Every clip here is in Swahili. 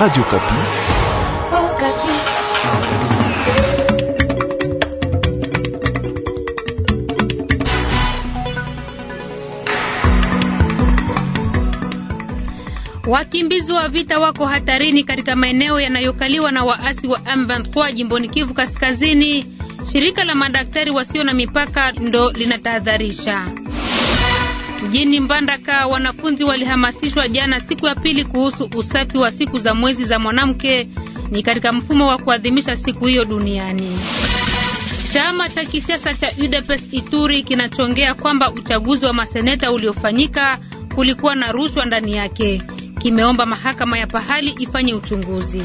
Radio Kapi. Oh, Kapi. Wakimbizi wa vita wako hatarini katika maeneo yanayokaliwa na waasi wa M23 jimboni Kivu Kaskazini. Shirika la madaktari wasio na mipaka ndo linatahadharisha. Mjini Mbandaka wanafunzi walihamasishwa jana siku ya pili kuhusu usafi wa siku za mwezi za mwanamke ni katika mfumo wa kuadhimisha siku hiyo duniani. Chama cha kisiasa cha UDPS Ituri kinachongea kwamba uchaguzi wa maseneta uliofanyika kulikuwa na rushwa ndani yake. Kimeomba mahakama ya pahali ifanye uchunguzi.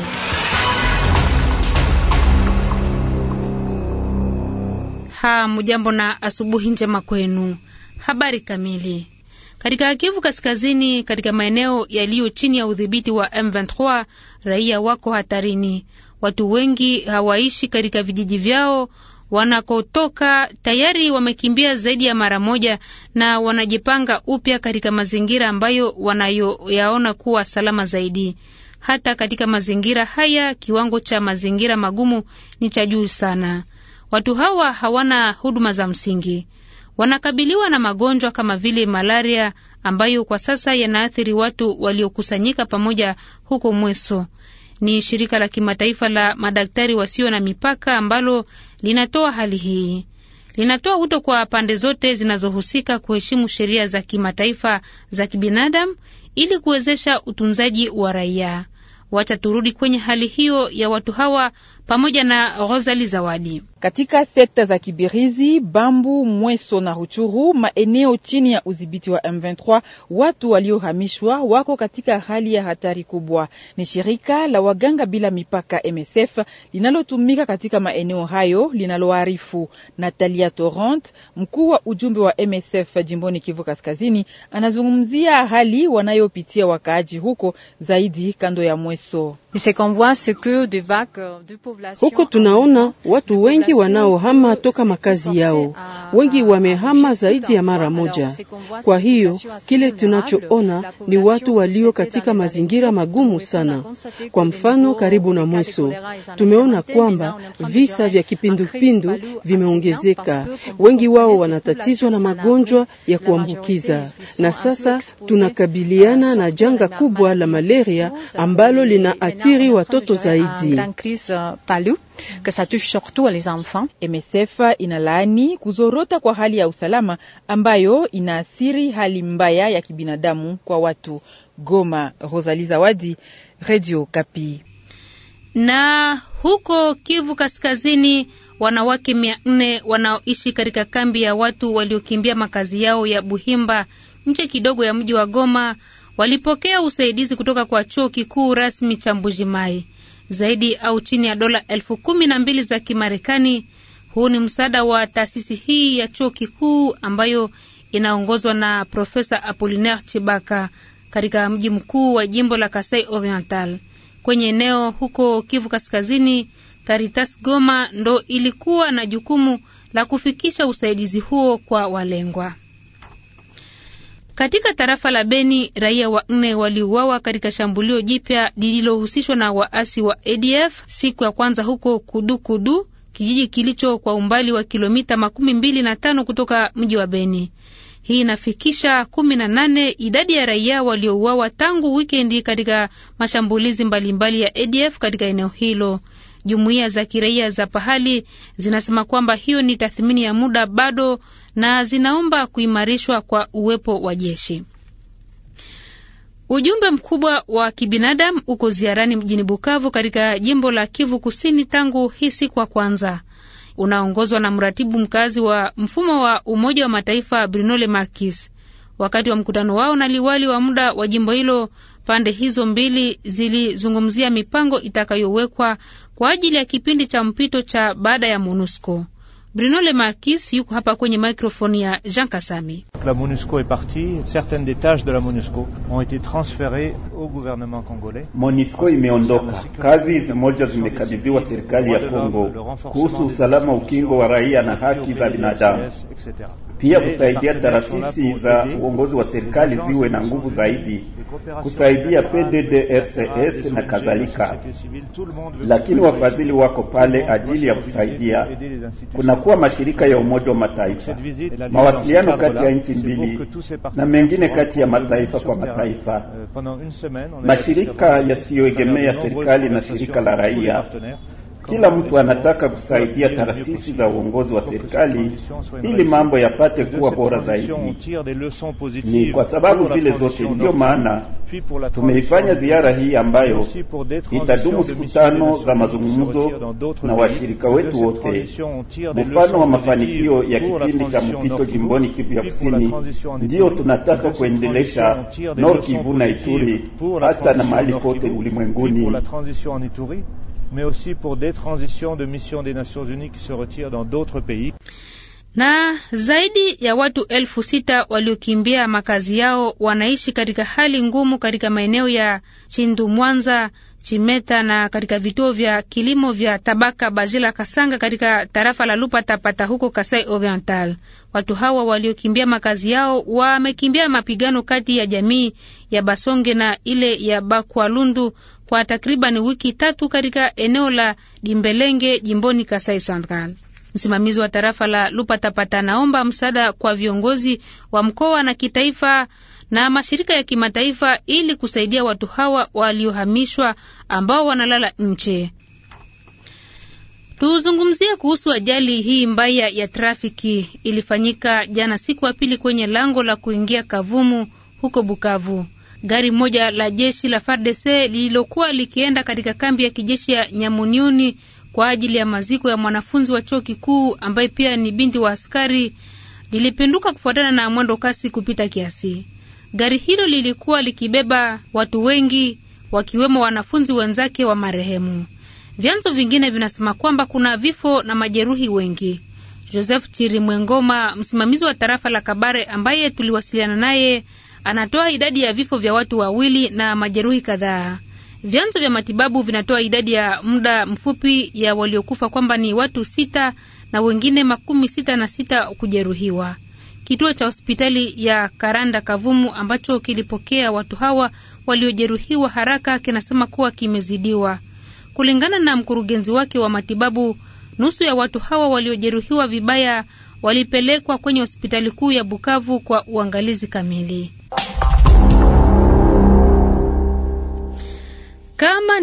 Ha, mujambo na asubuhi njema kwenu. Habari kamili. Katika Kivu Kaskazini, katika maeneo yaliyo chini ya udhibiti wa M23, raia wako hatarini. Watu wengi hawaishi katika vijiji vyao wanakotoka, tayari wamekimbia zaidi ya mara moja na wanajipanga upya katika mazingira ambayo wanayoyaona kuwa salama zaidi. Hata katika mazingira haya, kiwango cha mazingira magumu ni cha juu sana. Watu hawa hawana huduma za msingi wanakabiliwa na magonjwa kama vile malaria ambayo kwa sasa yanaathiri watu waliokusanyika pamoja huko Mweso. Ni shirika la kimataifa la madaktari wasio na mipaka ambalo linatoa hali hii. Linatoa wito kwa pande zote zinazohusika kuheshimu sheria za kimataifa za kibinadamu ili kuwezesha utunzaji wa raia wataturudi kwenye hali hiyo ya watu hawa pamoja na Rosali Zawadi. Katika sekta za Kibirizi, Bambu, Mweso na Ruchuru, maeneo chini ya udhibiti wa M23, watu waliohamishwa wako katika hali ya hatari kubwa. Ni shirika la waganga bila mipaka MSF linalotumika katika maeneo hayo linaloarifu. Natalia Torrent, mkuu wa ujumbe wa MSF jimboni Kivu Kaskazini, anazungumzia hali wanayopitia wakaaji huko zaidi kando ya Mweso. isso Euh, Huko tunaona watu wengi wanaohama toka makazi yao, wengi wamehama zaidi ya mara moja. Kwa hiyo kile tunachoona ni watu walio katika mazingira magumu sana. Kwa mfano, karibu na Mweso tumeona kwamba visa vya kipindupindu vimeongezeka, wengi wao wanatatizwa na magonjwa ya kuambukiza, na sasa tunakabiliana na janga kubwa la malaria ambalo lina kuathiri watoto zaidi. Euh, MSF inalaani kuzorota kwa hali ya usalama ambayo inaathiri hali mbaya ya kibinadamu kwa watu. Goma, Rosalie Zawadi, Radio Kapi. Na huko Kivu Kaskazini, wanawake mia nne wanaoishi katika kambi ya watu waliokimbia makazi yao ya Buhimba nje kidogo ya mji wa Goma walipokea usaidizi kutoka kwa chuo kikuu rasmi cha Mbujimai zaidi au chini ya dola elfu kumi na mbili za Kimarekani. Huu ni msaada wa taasisi hii ya chuo kikuu ambayo inaongozwa na Profesa Apollinaire Chibaka katika mji mkuu wa jimbo la Kasai Oriental kwenye eneo huko Kivu Kaskazini. karitas Goma ndo ilikuwa na jukumu la kufikisha usaidizi huo kwa walengwa. Katika tarafa la Beni, raia wanne waliuawa katika shambulio jipya lililohusishwa na waasi wa ADF siku ya kwanza huko Kudukudu kudu, kijiji kilicho kwa umbali wa kilomita makumi mbili na tano kutoka mji wa Beni. Hii inafikisha kumi na nane idadi ya raia waliouawa tangu wikendi katika mashambulizi mbalimbali mbali ya ADF katika eneo hilo. Jumuiya za kiraia za pahali zinasema kwamba hiyo ni tathmini ya muda bado na zinaomba kuimarishwa kwa uwepo wa jeshi. Ujumbe mkubwa wa kibinadamu uko ziarani mjini Bukavu katika jimbo la Kivu Kusini tangu hii siku ya kwanza. Unaongozwa na mratibu mkazi wa mfumo wa Umoja wa Mataifa Bruno Marquis. Wakati wa mkutano wao na liwali wa muda wa jimbo hilo, pande hizo mbili zilizungumzia mipango itakayowekwa kwa ajili ya kipindi cha mpito cha baada ya MONUSCO. Bruno Le Marquis yuko hapa kwenye microphone ya Jean Kasami. La MONUSCO est partie, certaines des tâches de la MONUSCO ont été transférées au gouvernement congolais. MONUSCO imeondoka. Kazi moja zimekabidhiwa serikali ya Kongo kuhusu usalama, ukingo wa raia na haki za binadamu pia kusaidia taasisi za uongozi wa serikali ziwe na nguvu zaidi, kusaidia PDDRCS na kadhalika. Lakini wafadhili wako pale ajili ya kusaidia. Kunakuwa mashirika ya Umoja wa Mataifa, mawasiliano kati ya nchi mbili na mengine kati ya mataifa kwa mataifa, mashirika yasiyoegemea serikali na shirika la raia kila mtu anataka kusaidia taasisi za uongozi wa serikali ili mambo yapate kuwa bora zaidi. Ni kwa sababu zile zote, ndiyo maana tumeifanya ziara hii ambayo itadumu siku tano za mazungumzo na washirika wetu wote. Mfano wa mafanikio ya kipindi cha mpito jimboni Kivu ya Kusini ndiyo tunataka kuendelesha Nord Kivu na Ituri hata na mahali kote ulimwenguni mais aussi pour des transitions de missions des Nations Unies qui se retirent dans d'autres pays. Na zaidi ya watu elfu sita waliokimbia makazi yao wanaishi katika hali ngumu katika maeneo ya Chindu Mwanza, Chimeta na katika vituo vya kilimo vya Tabaka Bajila Kasanga katika tarafa la Lupa Tapata huko Kasai Oriental. Watu hawa waliokimbia makazi yao wamekimbia mapigano kati ya jamii ya Basonge na ile ya Bakwalundu kwa takribani wiki tatu katika eneo la Dimbelenge jimboni Kasai Central. Msimamizi wa tarafa la Lupatapata naomba msaada kwa viongozi wa mkoa na kitaifa na mashirika ya kimataifa ili kusaidia watu hawa waliohamishwa ambao wanalala nje. Tuzungumzie kuhusu ajali hii mbaya ya trafiki ilifanyika jana siku ya pili kwenye lango la kuingia Kavumu huko Bukavu. Gari moja la jeshi la FARDC lililokuwa likienda katika kambi ya kijeshi ya Nyamunyuni kwa ajili ya maziko ya mwanafunzi wa chuo kikuu ambaye pia ni binti wa askari lilipinduka kufuatana na mwendo kasi kupita kiasi. Gari hilo lilikuwa likibeba watu wengi wakiwemo wanafunzi wenzake wa marehemu. Vyanzo vingine vinasema kwamba kuna vifo na majeruhi wengi. Joseph Chirimwengoma, msimamizi wa tarafa la Kabare ambaye tuliwasiliana naye, anatoa idadi ya vifo vya watu wawili na majeruhi kadhaa. Vyanzo vya matibabu vinatoa idadi ya muda mfupi ya waliokufa kwamba ni watu sita na wengine makumi sita na sita kujeruhiwa. Kituo cha hospitali ya Karanda Kavumu ambacho kilipokea watu hawa waliojeruhiwa haraka kinasema kuwa kimezidiwa. Kulingana na mkurugenzi wake wa matibabu, nusu ya watu hawa waliojeruhiwa vibaya walipelekwa kwenye hospitali kuu ya Bukavu kwa uangalizi kamili.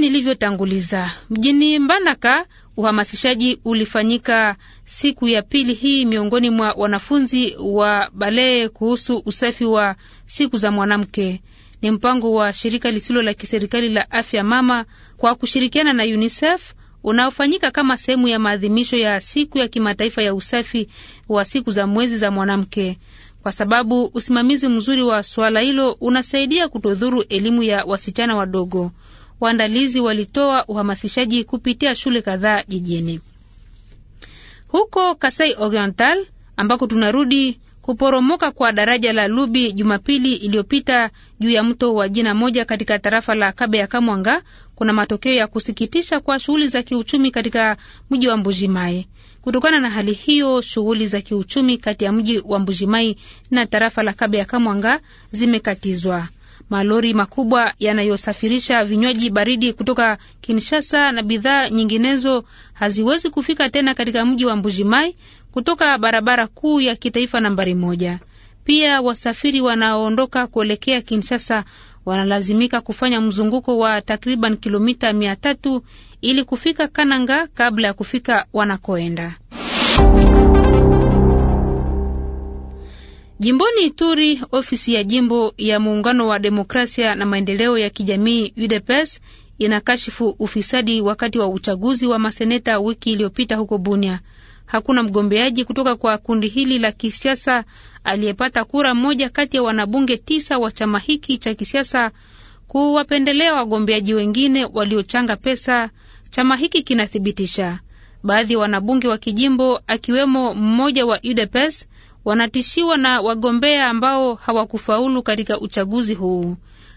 nilivyotanguliza, mjini Mbandaka uhamasishaji ulifanyika siku ya pili hii miongoni mwa wanafunzi wa balee kuhusu usafi wa siku za mwanamke. Ni mpango wa shirika lisilo la kiserikali la Afya Mama kwa kushirikiana na UNICEF unaofanyika kama sehemu ya maadhimisho ya siku ya kimataifa ya usafi wa siku za mwezi za mwanamke, kwa sababu usimamizi mzuri wa suala hilo unasaidia kutodhuru elimu ya wasichana wadogo waandalizi walitoa uhamasishaji kupitia shule kadhaa jijini. Huko Kasai Oriental ambako tunarudi, kuporomoka kwa daraja la Lubi Jumapili iliyopita juu ya mto wa jina moja katika tarafa la Kabe ya Kamwanga kuna matokeo ya kusikitisha kwa shughuli za kiuchumi katika mji wa mbujimai Kutokana na hali hiyo, shughuli za kiuchumi kati ya mji wa mbujimai na tarafa la Kabe ya Kamwanga zimekatizwa. Malori makubwa yanayosafirisha vinywaji baridi kutoka Kinshasa na bidhaa nyinginezo haziwezi kufika tena katika mji wa Mbujimai kutoka barabara kuu ya kitaifa nambari moja. Pia wasafiri wanaoondoka kuelekea Kinshasa wanalazimika kufanya mzunguko wa takriban kilomita mia tatu ili kufika Kananga kabla ya kufika wanakoenda. Jimboni Ituri, ofisi ya jimbo ya muungano wa demokrasia na maendeleo ya kijamii UDPS inakashifu ufisadi wakati wa uchaguzi wa maseneta wiki iliyopita huko Bunia. Hakuna mgombeaji kutoka kwa kundi hili la kisiasa aliyepata kura moja kati ya wanabunge tisa wa chama hiki cha kisiasa kuwapendelea wagombeaji wengine waliochanga pesa, chama hiki kinathibitisha. Baadhi ya wanabunge wa kijimbo akiwemo mmoja wa UDPS wanatishiwa na wagombea ambao hawakufaulu katika uchaguzi huu.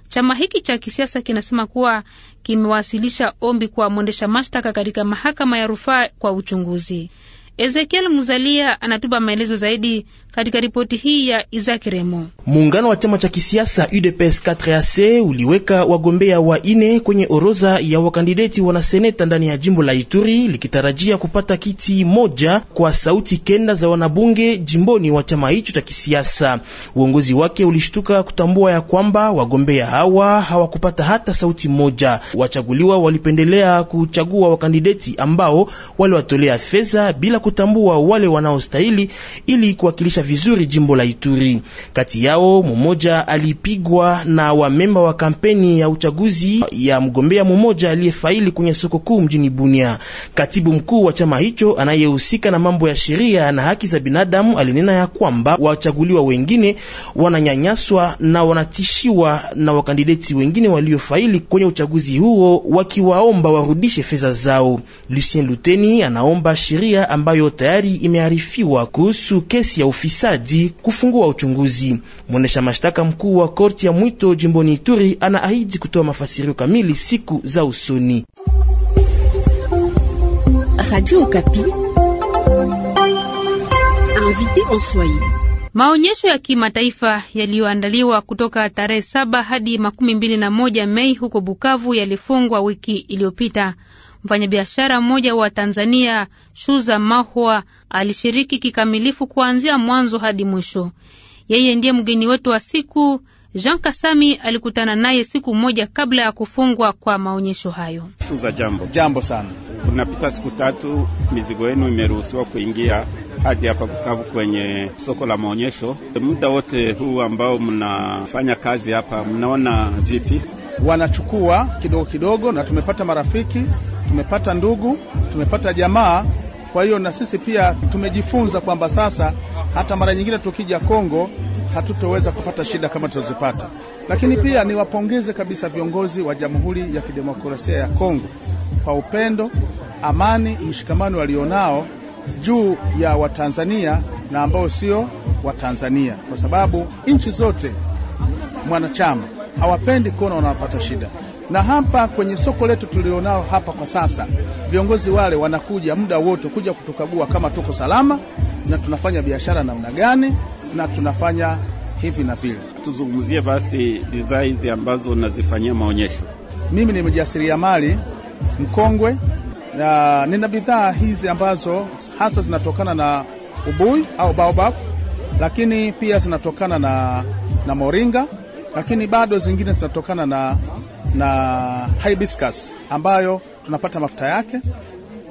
Chama hiki cha kisiasa kinasema kuwa kimewasilisha ombi kwa mwendesha mashtaka katika mahakama ya rufaa kwa uchunguzi. Ezekiel Muzalia anatupa maelezo zaidi katika ripoti hii ya Isaac Remo. Muungano wa chama cha kisiasa UDPS 4AC uliweka wagombea waine kwenye oroza ya wakandideti wanaseneta ndani ya jimbo la Ituri likitarajia kupata kiti moja kwa sauti kenda za wanabunge jimboni wa chama hicho cha kisiasa. Uongozi wake ulishtuka kutambua ya kwamba wagombea hawa hawakupata hata sauti moja. Wachaguliwa walipendelea kuchagua wakandideti ambao waliwatolea fedha bila kutambua wale wanaostahili ili kuwakilisha vizuri jimbo la Ituri. Kati yao mmoja alipigwa na wamemba wa kampeni ya uchaguzi ya mgombea mmoja aliyefaili kwenye soko kuu mjini Bunia. Katibu mkuu wa chama hicho anayehusika na mambo ya sheria na haki za binadamu alinena ya kwamba wachaguliwa wengine wananyanyaswa na wanatishiwa na wakandideti wengine waliofaili kwenye uchaguzi huo, wakiwaomba warudishe fedha zao. Lucien Luteni anaomba sheria ambayo ambayo tayari imearifiwa kuhusu kesi ya ufisadi kufungua uchunguzi. Mwendesha mashtaka mkuu wa korti ya mwito jimboni Ituri anaahidi kutoa mafasirio kamili siku za usoni. Radio Okapi, invité en Swahili. Maonyesho ya kimataifa yaliyoandaliwa kutoka tarehe saba hadi makumi mbili na moja Mei huko Bukavu yalifungwa wiki iliyopita. Mfanyabiashara mmoja wa Tanzania Shuza Mahwa alishiriki kikamilifu kuanzia mwanzo hadi mwisho. Yeye ndiye mgeni wetu wa siku. Jean Kasami alikutana naye siku moja kabla ya kufungwa kwa maonyesho hayo. Shuza, jambo. Jambo sana. Inapita siku tatu, mizigo yenu imeruhusiwa kuingia hadi hapa Bukavu kwenye soko la maonyesho. Muda wote huu ambao mnafanya kazi hapa, mnaona vipi? Wanachukua kidogo kidogo, na tumepata marafiki, tumepata ndugu, tumepata jamaa. Kwa hiyo na sisi pia tumejifunza kwamba sasa hata mara nyingine tukija Kongo hatutoweza kupata shida kama tulizopata. Lakini pia niwapongeze kabisa viongozi wa Jamhuri ya Kidemokrasia ya Kongo kwa upendo amani, mshikamano walionao juu ya Watanzania na ambao sio Watanzania, kwa sababu nchi zote mwanachama hawapendi kuona wanapata shida. Na hapa kwenye soko letu tulionao hapa kwa sasa, viongozi wale wanakuja muda wote kuja kutukagua kama tuko salama na tunafanya biashara namna gani na tunafanya hivi na vile. Tuzungumzie basi bidhaa hizi ambazo unazifanyia maonyesho. Mimi ni mjasiriamali mkongwe na nina bidhaa hizi ambazo hasa zinatokana na ubui au baobab, lakini pia zinatokana na, na moringa, lakini bado zingine zinatokana na, na hibiscus ambayo tunapata mafuta yake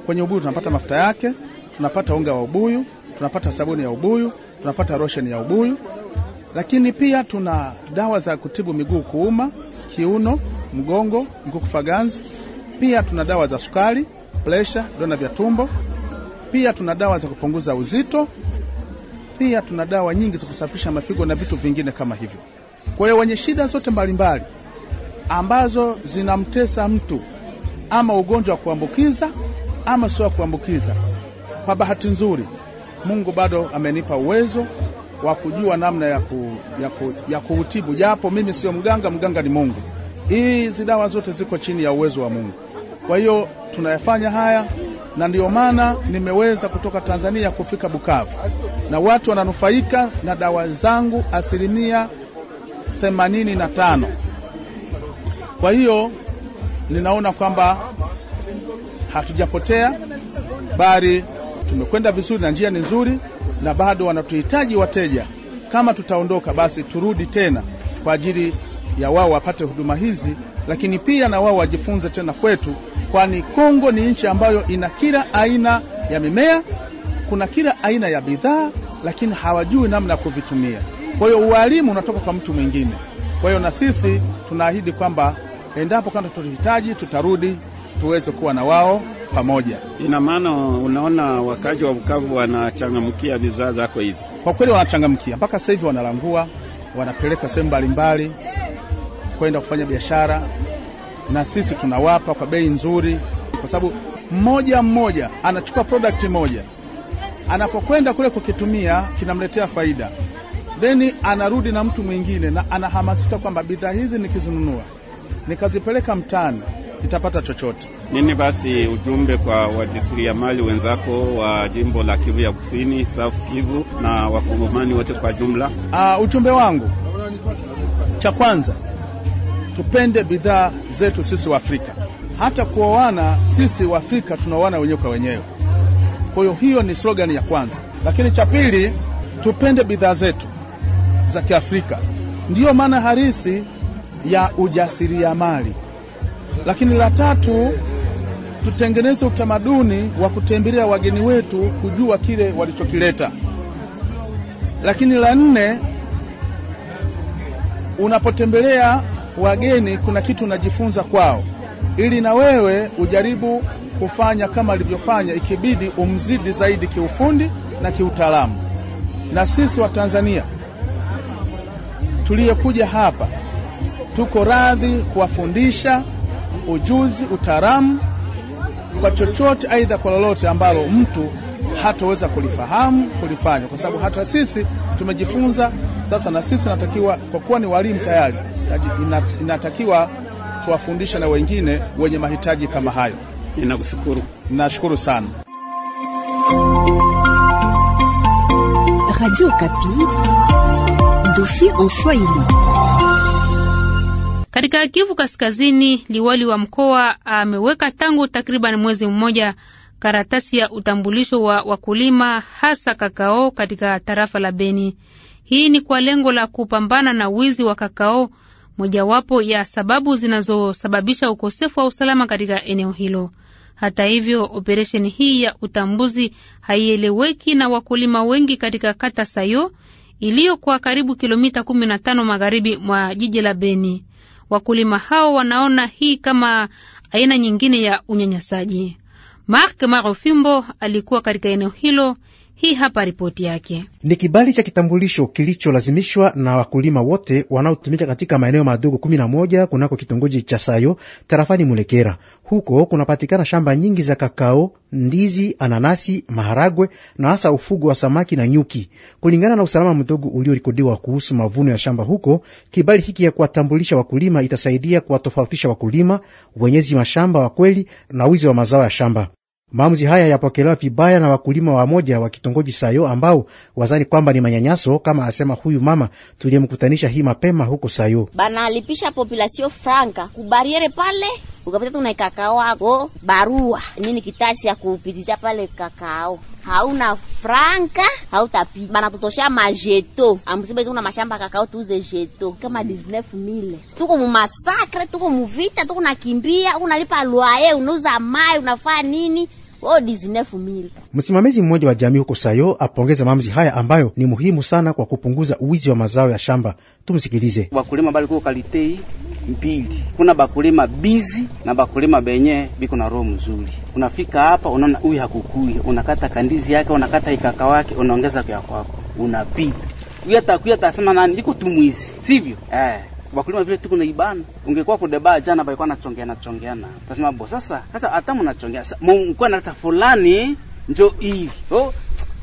kwenye ubuyu, tunapata mafuta yake, tunapata unga wa ubuyu, tunapata sabuni ya ubuyu, tunapata rosheni ya ubuyu, lakini pia tuna dawa za kutibu miguu kuuma, kiuno, mgongo, mkuku Pia tuna dawa za sukari presha, vidonda vya tumbo. Pia tuna dawa za kupunguza uzito, pia tuna dawa nyingi za kusafisha mafigo na vitu vingine kama hivyo. Kwa hiyo wenye shida zote mbalimbali ambazo zinamtesa mtu ama ugonjwa wa kuambukiza ama sio wa kuambukiza, kwa bahati nzuri Mungu bado amenipa uwezo wa kujua namna ya, ku, ya, ku, ya kuutibu, japo mimi sio mganga. Mganga ni Mungu. Hizi dawa zote ziko chini ya uwezo wa Mungu. Kwa hiyo tunayafanya haya, na ndiyo maana nimeweza kutoka Tanzania kufika Bukavu, na watu wananufaika na dawa zangu asilimia themanini na tano. Kwa hiyo ninaona kwamba hatujapotea, bali tumekwenda vizuri na njia ni nzuri, na bado wanatuhitaji wateja. Kama tutaondoka, basi turudi tena kwa ajili ya wao wapate huduma hizi lakini pia na wao wajifunze tena kwetu, kwani Kongo ni nchi ambayo ina kila aina ya mimea, kuna kila aina ya bidhaa, lakini hawajui namna ya kuvitumia. Kwa hiyo ualimu unatoka kwa mtu mwingine. Kwa hiyo na sisi tunaahidi kwamba endapo kama tutahitaji, tutarudi tuweze kuwa na wao pamoja. Ina maana unaona, wakaji wa Bukavu wanachangamkia bidhaa zako hizi? Kwa kweli wanachangamkia, mpaka sasa hivi wanalangua, wanapeleka sehemu mbalimbali kwenda kufanya biashara, na sisi tunawapa kwa bei nzuri, kwa sababu mmoja mmoja anachukua product moja, anapokwenda kule kukitumia kinamletea faida, then anarudi na mtu mwingine, na anahamasika kwamba bidhaa hizi nikizinunua nikazipeleka mtaani nitapata chochote. Nini basi ujumbe kwa wajasiriamali wenzako wa jimbo la Kivu ya Kusini, South Kivu na wakongomani wote kwa jumla? Uh, ujumbe wangu cha kwanza tupende bidhaa zetu sisi wa afrika Hata kuoana sisi Afrika tunaoana wenyewe kwa wenyewe. Kwa hiyo hiyo ni slogan ya kwanza, lakini cha pili, tupende bidhaa zetu za Kiafrika. Ndiyo maana halisi ya ujasiriamali. Lakini la tatu, tutengeneze utamaduni wa kutembelea wageni wetu, kujua kile walichokileta. Lakini la nne Unapotembelea wageni, kuna kitu unajifunza kwao, ili na wewe ujaribu kufanya kama alivyofanya, ikibidi umzidi zaidi kiufundi na kiutaalamu. Na sisi wa Tanzania tuliyekuja hapa tuko radhi kuwafundisha ujuzi, utaalamu kwa chochote, aidha kwa lolote ambalo mtu hataweza kulifahamu kulifanya, kwa sababu hata sisi tumejifunza sasa na sisi natakiwa, kwa kuwa ni walimu tayari, inatakiwa tuwafundishe na wengine wenye mahitaji kama hayo. Ninakushukuru, nashukuru sana. Radio Kapi, dossier en Swahili. Katika Kivu Kaskazini, liwali wa mkoa ameweka tangu takriban mwezi mmoja karatasi ya utambulisho wa wakulima hasa kakao katika tarafa la Beni. Hii ni kwa lengo la kupambana na wizi wa kakao, mojawapo ya sababu zinazosababisha ukosefu wa usalama katika eneo hilo. Hata hivyo, operesheni hii ya utambuzi haieleweki na wakulima wengi katika kata Sayo iliyo kwa karibu kilomita 15 magharibi mwa jiji la Beni. Wakulima hao wanaona hii kama aina nyingine ya unyanyasaji. Mark Marofimbo alikuwa katika eneo hilo. Hii hapa ripoti yake. Ni kibali cha kitambulisho kilicholazimishwa na wakulima wote wanaotumika katika maeneo madogo kumi na moja kunako kitongoji cha Sayo tarafani Mulekera. Huko kunapatikana shamba nyingi za kakao, ndizi, ananasi, maharagwe na hasa ufugo wa samaki na nyuki. Kulingana na usalama mdogo uliorekodiwa kuhusu mavuno ya shamba huko, kibali hiki ya kuwatambulisha wakulima itasaidia kuwatofautisha wakulima wenyezi mashamba wa kweli na wizi wa mazao ya shamba. Maamuzi haya yapokelewa vibaya na wakulima wamoja wa kitongoji Sayo ambao wazani kwamba ni manyanyaso, kama asema huyu mama tuliyemkutanisha hii mapema huko Sayo. Banalipisha populasio franka kubariere pale, ukapita tuna kakao ako barua nini kitasi ya kupitisha pale kakao hauna franka hautapi, banatutosha majeto amsibe tuna mashamba kakao tuuze jeto kama 19000 tuko mu masakre, tuko mu vita, tuko nakimbia, unalipa luaye, unauza mai, unafaa nini Oh, Msimamizi mmoja wa jamii huko Sayo apongeza mamzi haya ambayo ni muhimu sana kwa kupunguza uwizi wa mazao ya shamba. Tumsikilize. Wakulima kuko kalitei mbili, kuna bakulima bizi na bakulima benye biko na roho mzuri. Unafika hapa unaona huyu hakukui, unakata kandizi yake, unakata ikaka wake, unaongeza kwa kwako, unapita huyu atakuya, atasema nani iko tumwizi, sivyo eh? wakulima vile tuko na ibana, ungekuwa debaa jana balikuwa nachongea nachongeana, tasema bo, sasa sasa hata mnachongea mko na fulani njo hivi oh,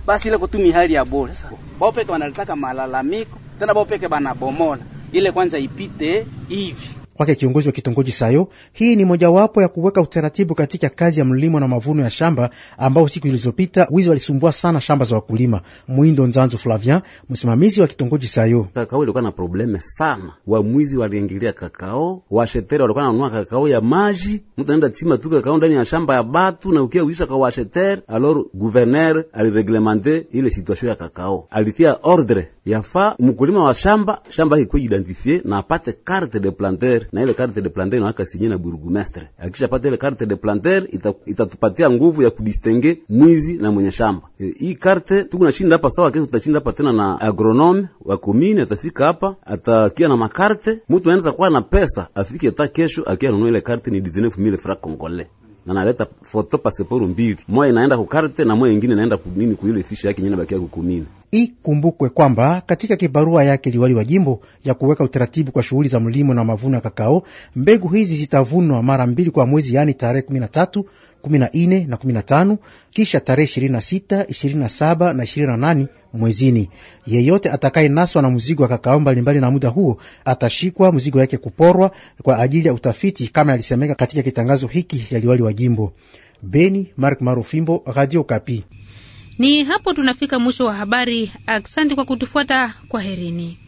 basi ile kutumi hali ya bora. Sasa bao peke malalamiko tena, baopeke bana banabomola ile kwanza ipite hivi kwake kiongozi wa kitongoji Sayo. Hii ni mojawapo ya kuweka utaratibu katika kazi ya mlimo na mavuno ya shamba, ambao siku zilizopita wizi walisumbua sana shamba za wakulima. Mwindo Nzanzu Flavian, msimamizi wa kitongoji Sayo: kakao ilikuwa na probleme sana, wamwizi waliingilia kakao, washetere walikuwa nanunua kakao ya maji, mtu anaenda chima tu kakao ndani ya shamba ya batu, na ukia uisha kwa washetere. Alor guverner alireglemente ile situation ya kakao, alitia ordre yafaa mkulima wa shamba shamba ilikuwa identifie na apate carte de planter planter na ile carte de planter inawaka sinye na Akisha pata ile carte de planter itatupatia ita nguvu ya kudistingue mwizi na mwenye shamba. E, hii carte tuko na nashinda hapa sawa, kesho tutashinda hapa tena na agronome wa commune atafika hapa, atakia na makarte. Mtu anaanza kuwa na pesa afike hata kesho akia nunua ile carte ni 19000 francs congolais na naleta foto pasiporo mbili, moja inaenda ku carte na moja nyingine inaenda ku nini ku ile fisha yake nyingine bakia ku commune Ikumbukwe kwamba katika kibarua yake liwali wa jimbo ya kuweka utaratibu kwa shughuli za mlimo na mavuno ya kakao, mbegu hizi zitavunwa mara mbili kwa mwezi, yaani tarehe 13, 14 na 15, kisha tarehe 26, 27 na 28 mwezini. Yeyote atakayenaswa na mzigo wa kakao mbalimbali na muda huo atashikwa mzigo yake kuporwa kwa ajili ya utafiti, kama alisemeka katika kitangazo hiki ya liwali wa jimbo Beni. Mark Marufimbo, Radio Kapi. Ni hapo tunafika mwisho wa habari. Asante kwa kutufuata, kwaherini.